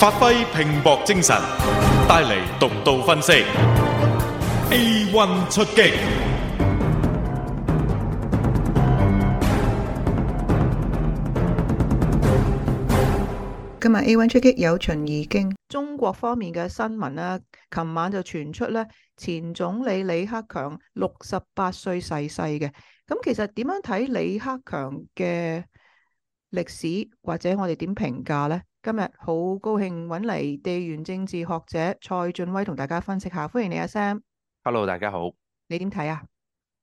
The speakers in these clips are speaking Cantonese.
發揮拼搏精神，帶嚟獨到分析。A one 出擊，今日 A one 出擊有秦怡經。中國方面嘅新聞呢，琴晚就傳出呢，前總理李克強六十八歲逝世嘅。咁其實點樣睇李克強嘅歷史，或者我哋點評價呢？今日好高興揾嚟，地緣政治學者蔡俊威同大家分析下。歡迎你阿，Sam。Hello，大家好。你點睇啊？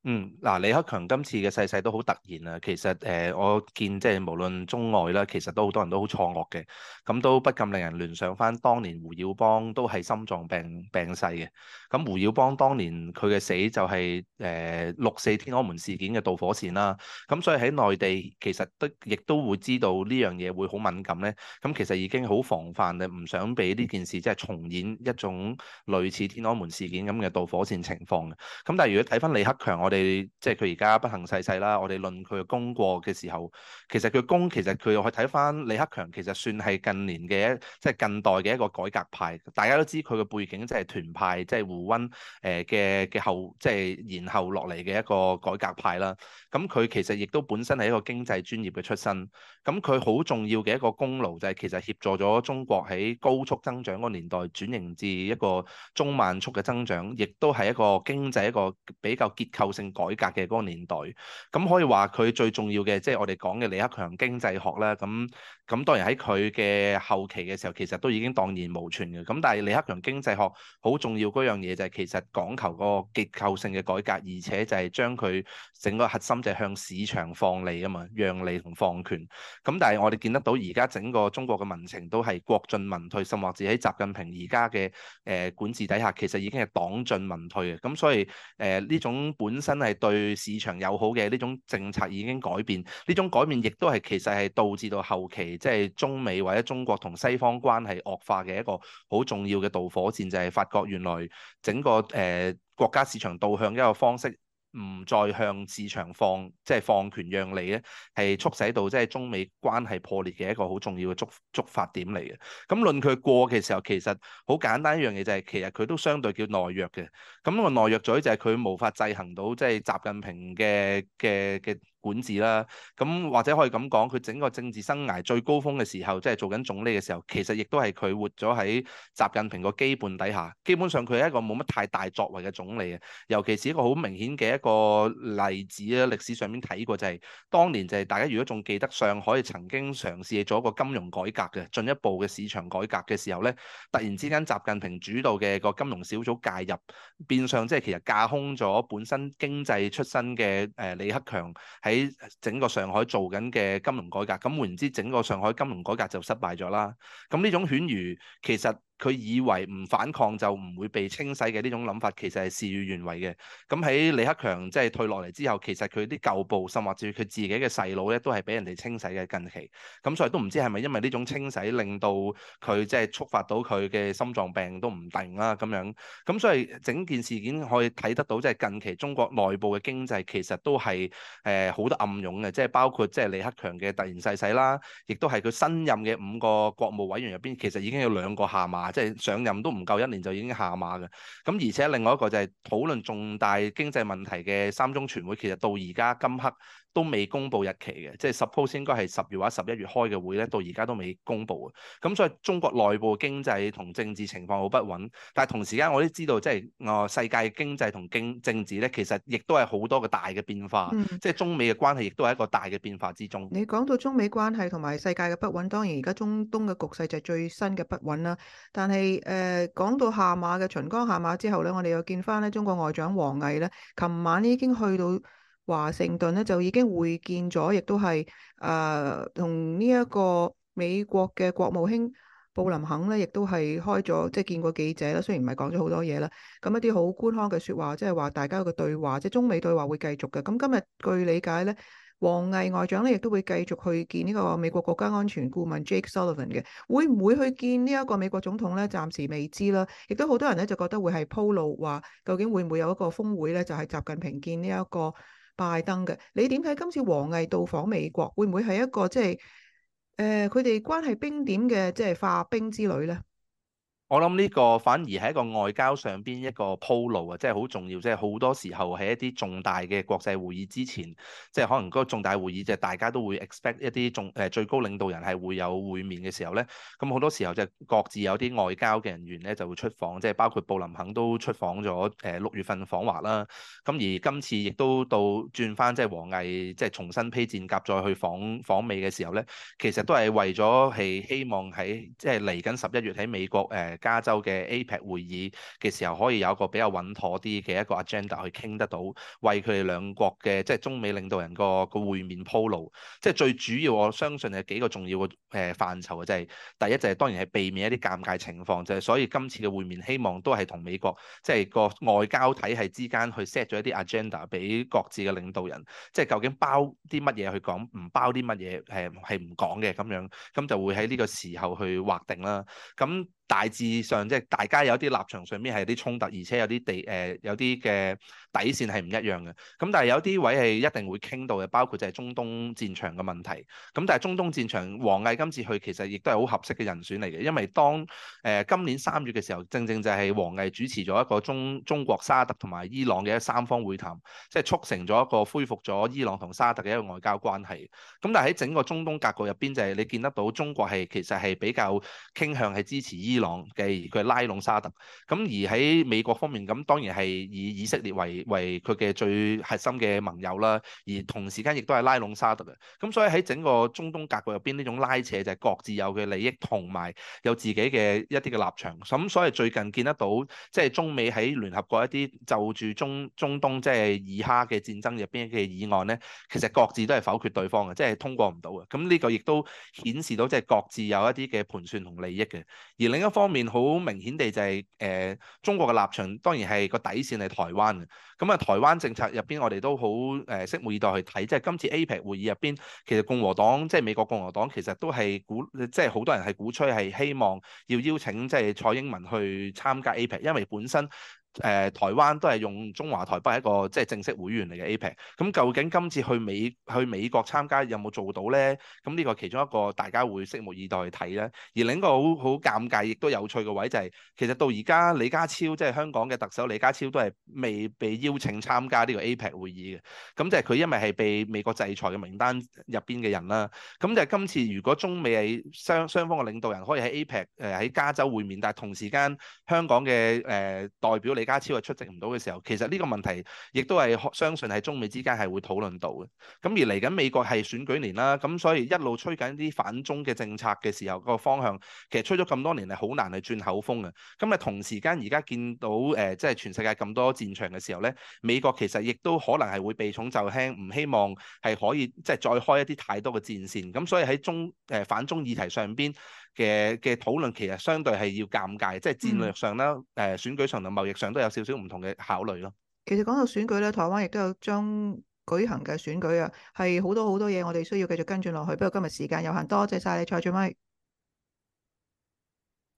嗯，嗱，李克強今次嘅逝世，世都好突然啊！其實誒、呃，我見即係無論中外啦，其實都好多人都好錯愕嘅，咁、嗯、都不禁令人聯想翻當年胡耀邦都係心臟病病逝嘅，咁、嗯、胡耀邦當年佢嘅死就係、是、誒、呃、六四天安門事件嘅導火線啦，咁、嗯、所以喺內地其實都亦都會知道呢樣嘢會好敏感咧，咁、嗯、其實已經好防範嘅，唔想俾呢件事即係重演一種類似天安門事件咁嘅導火線情況嘅，咁、嗯、但係如果睇翻李克強，我哋。你即係佢而家不幸逝世啦。我哋論佢嘅功過嘅時候，其實佢功其實佢我係睇翻李克強其實算係近年嘅一即係近代嘅一個改革派。大家都知佢嘅背景即係團派，即係胡溫誒嘅嘅後即係然後落嚟嘅一個改革派啦。咁佢其實亦都本身係一個經濟專業嘅出身。咁佢好重要嘅一個功勞就係其實協助咗中國喺高速增長個年代轉型至一個中慢速嘅增長，亦都係一個經濟一個比較結構性。改革嘅嗰個年代，咁可以話，佢最重要嘅，即係我哋講嘅李克強經濟學啦。咁咁當然喺佢嘅後期嘅時候，其實都已經蕩然無存嘅。咁但係李克強經濟學好重要嗰樣嘢就係其實講求個結構性嘅改革，而且就係將佢整個核心就係向市場放利啊嘛，讓利同放權，咁但係我哋見得到而家整個中國嘅民情都係國進民退，甚至喺習近平而家嘅誒管治底下，其實已經係黨進民退嘅。咁所以誒呢種本身。真係對市場友好嘅呢種政策已經改變，呢種改變亦都係其實係導致到後期即係、就是、中美或者中國同西方關係惡化嘅一個好重要嘅導火線，就係、是、發覺原來整個誒、呃、國家市場導向一個方式。唔再向市場放即係放權讓利咧，係促使到即係中美關係破裂嘅一個好重要嘅觸觸發點嚟嘅。咁論佢過嘅時候，其實好簡單一樣嘢就係，其實佢都相對叫懦弱嘅。咁個懦弱咗就係佢無法制衡到即係習近平嘅嘅嘅管治啦。咁或者可以咁講，佢整個政治生涯最高峰嘅時候，即係做緊總理嘅時候，其實亦都係佢活咗喺習近平個基本底下。基本上佢係一個冇乜太大作為嘅總理啊，尤其是一個好明顯嘅一個例子啊，歷史上面睇過就係、是、當年就係、是、大家如果仲記得上海曾經嘗試做一個金融改革嘅進一步嘅市場改革嘅時候呢，突然之間習近平主導嘅個金融小組介入，變相即係其實架空咗本身經濟出身嘅誒、呃、李克強喺整個上海做緊嘅金融改革，咁換言之，整個上海金融改革就失敗咗啦。咁呢種犬儒其實。佢以為唔反抗就唔會被清洗嘅呢種諗法，其實係事與願違嘅。咁喺李克強即係退落嚟之後，其實佢啲舊部、甚至佢自己嘅細佬咧，都係俾人哋清洗嘅近期。咁所以都唔知係咪因為呢種清洗令到佢即係觸發到佢嘅心臟病都唔定啦、啊、咁樣。咁所以整件事件可以睇得到，即係近期中國內部嘅經濟其實都係誒好多暗湧嘅，即係包括即係李克強嘅突然逝世啦，亦都係佢新任嘅五個國務委員入邊，其實已經有兩個下馬。即係上任都唔夠一年就已經下馬嘅，咁而且另外一個就係討論重大經濟問題嘅三中全會，其實到而家今刻都未公布日期嘅，即係 suppose 應該係十月或者十一月開嘅會咧，到而家都未公布嘅。咁所以中國內部經濟同政治情況好不穩，但係同時間我都知道即係啊世界經濟同政政治咧，其實亦都係好多個大嘅變化，嗯、即係中美嘅關係亦都係一個大嘅變化之中。你講到中美關係同埋世界嘅不穩，當然而家中東嘅局勢就係最新嘅不穩啦。但係誒、呃、講到下馬嘅秦剛下馬之後咧，我哋又見翻咧中國外長王毅咧，琴晚已經去到華盛頓咧，就已經會見咗，亦都係誒同呢一個美國嘅國務卿布林肯咧，亦都係開咗即係見過記者啦。雖然唔係講咗好多嘢啦，咁一啲好官方嘅説話，即係話、就是、大家有個對話，即係中美對話會繼續嘅。咁今日據理解咧。王毅外長咧，亦都會繼續去見呢個美國國家安全顧問 Jake Sullivan 嘅，會唔會去見呢一個美國總統咧？暫時未知啦。亦都好多人咧就覺得會係鋪路，話究竟會唔會有一個峰會咧？就係、是、習近平見呢一個拜登嘅。你點睇今次王毅到訪美國，會唔會係一個即係誒佢哋關係冰點嘅即係化冰之旅咧？我諗呢個反而係一個外交上邊一個鋪路啊，即係好重要，即係好多時候喺一啲重大嘅國際會議之前，即係可能嗰個重大會議就大家都會 expect 一啲重誒、呃、最高領導人係會有會面嘅時候咧，咁好多時候就各自有啲外交嘅人員咧就會出訪，即係包括布林肯都出訪咗，誒、呃、六月份訪華啦，咁而今次亦都到轉翻即係王毅即係重新披戰甲再去訪訪美嘅時候咧，其實都係為咗係希望喺即係嚟緊十一月喺美國誒。呃加州嘅 APEC 會議嘅時候，可以有一個比較穩妥啲嘅一個 agenda 去傾得到，為佢哋兩國嘅即係中美領導人個個會面鋪路。即係最主要，我相信係幾個重要嘅誒範疇嘅，就係第一就係當然係避免一啲尷尬情況，就係所以今次嘅會面，希望都係同美國即係個外交體系之間去 set 咗一啲 agenda 俾各自嘅領導人，即係究竟包啲乜嘢去講唔包啲乜嘢係係唔講嘅咁樣，咁就會喺呢個時候去劃定啦。咁大致上即係、就是、大家有啲立場上面係有啲衝突，而且有啲地誒、呃、有啲嘅底線係唔一樣嘅。咁但係有啲位係一定會傾到嘅，包括就係中東戰場嘅問題，咁但係中東戰場王毅今次去其實亦都係好合適嘅人選嚟嘅，因為當誒、呃、今年三月嘅時候，正正就係王毅主持咗一個中中國沙特同埋伊朗嘅三方會談，即係促成咗一個恢復咗伊朗同沙特嘅一個外交關係，咁但係喺整個中東格局入邊就係、是、你見得到中國係其實係比較傾向係支持伊。伊朗嘅，而佢拉攏沙特，咁而喺美國方面，咁當然係以以色列為為佢嘅最核心嘅盟友啦，而同時間亦都係拉攏沙特嘅，咁所以喺整個中東格局入邊呢種拉扯就係各自有嘅利益同埋有自己嘅一啲嘅立場，咁所以最近見得到，即係中美喺聯合國一啲就住中中東即係以哈嘅戰爭入邊嘅議案咧，其實各自都係否決對方嘅，即係通過唔到嘅。咁呢個亦都顯示到即係各自有一啲嘅盤算同利益嘅。而另一一方面好明顯地就係、是、誒、呃、中國嘅立場，當然係個底線係台灣嘅。咁啊，台灣政策入邊，我哋都好誒拭目以待去睇。即、就、係、是、今次 APEC、ER、會議入邊，其實共和黨即係美國共和黨，其實都係鼓即係好多人係鼓吹係希望要邀請即係、就是、蔡英文去參加 APEC，、ER、因為本身。誒、呃、台灣都係用中華台北係一個即係、就是、正式會員嚟嘅 APEC，咁究竟今次去美去美國參加有冇做到咧？咁呢個其中一個大家會拭目以待去睇咧。而另一個好好尷尬亦都有趣嘅位就係、是，其實到而家李家超即係、就是、香港嘅特首李家超都係未被邀請參加呢個 APEC 會議嘅。咁就係佢因為係被美國制裁嘅名單入邊嘅人啦。咁就係今次如果中美喺雙，雙方嘅領導人可以喺 APEC 喺、呃、加州會面，但係同時間香港嘅誒、呃、代表李。家超係出席唔到嘅時候，其實呢個問題亦都係相信喺中美之間係會討論到嘅。咁而嚟緊美國係選舉年啦，咁所以一路吹緊啲反中嘅政策嘅時候、個方向，其實吹咗咁多年係好難去轉口風嘅。咁啊，同時間而家見到誒即係全世界咁多戰場嘅時候咧，美國其實亦都可能係會避重就輕，唔希望係可以即係再開一啲太多嘅戰線，咁所以喺中誒、呃、反中議題上邊。嘅嘅討論其實相對係要尷尬，即係戰略上啦，誒選舉上同貿易上都有少少唔同嘅考慮咯。其實講到選舉咧，台灣亦都有將舉行嘅選舉啊，係好多好多嘢我哋需要繼續跟進落去。不過今日時間有限，多謝晒你蔡俊威。